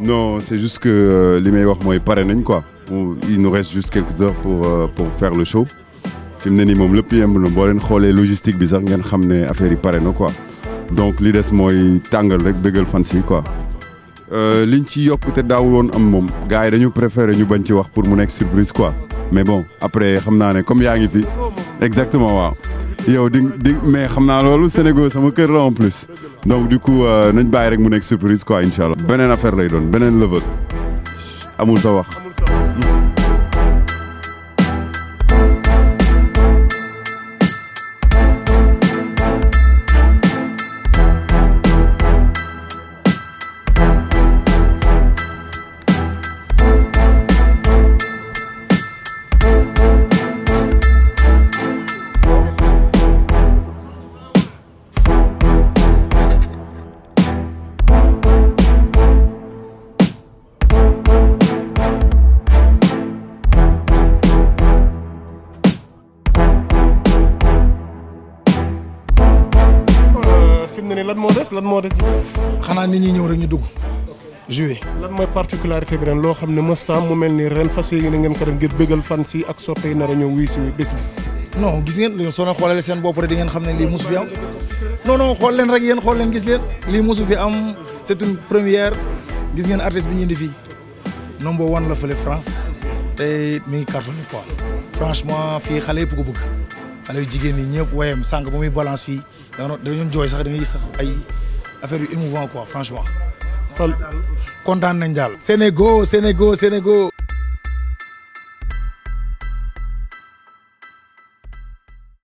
non c'est juste que li may wax mooy pare nañ quoi il nous reste juste quelques heures pour euh, pour faire le show fi ne nii moom lépp yemb na boo leen xoolee logistique bi sax ngeen xam ne affaire yi pare na quoi donc li des mooy tàngal rek bëggal fan si quoi. Euh, liñ ci yokk te daaw woon am moom gars yi dañu préféré ñu bañ ci wax pour mu nekk surprise quoi mais bon après xam naa ne comme yaa ngi fi exactement waaw. yow di di mais xam naa loolu Sénégal sama kër la en plus donc du coup euh, nañ bàyyi rek mu nekk surprise quoi incha allah beneen affaire lay doon beneen level amul sa wax. ne lan moo des lan moo des. xanaa nit ñi ñëw rek ñu dugg. joué lan mooy particularité bi ren loo xam ne mosam mu mel ni ren fas yéene ngeen ko def ngir bégal fan si ak soppe yi nar a ñëw wuyu si bés bi. non gis ngeen soo leen xoolee seen bopp rek di ngeen xam ne lii mosu fi am non xool leen rek yéen xool leen gis leen lii mosu fi am c'est une première gis ngeen artiste bi ñu indi fii number one la fële France te mi ngi cartonné quoi franchement fii xale yëpp ko bëgg. xale yu jigéen ñi ñëpp woyam sànq ba muy balance fii dañoo dañoo jooy sax dañuy sax ay affaire yu émouvant quoi franchement. kon kontaan nañ daal. Sénégo Sénégo Sénégo.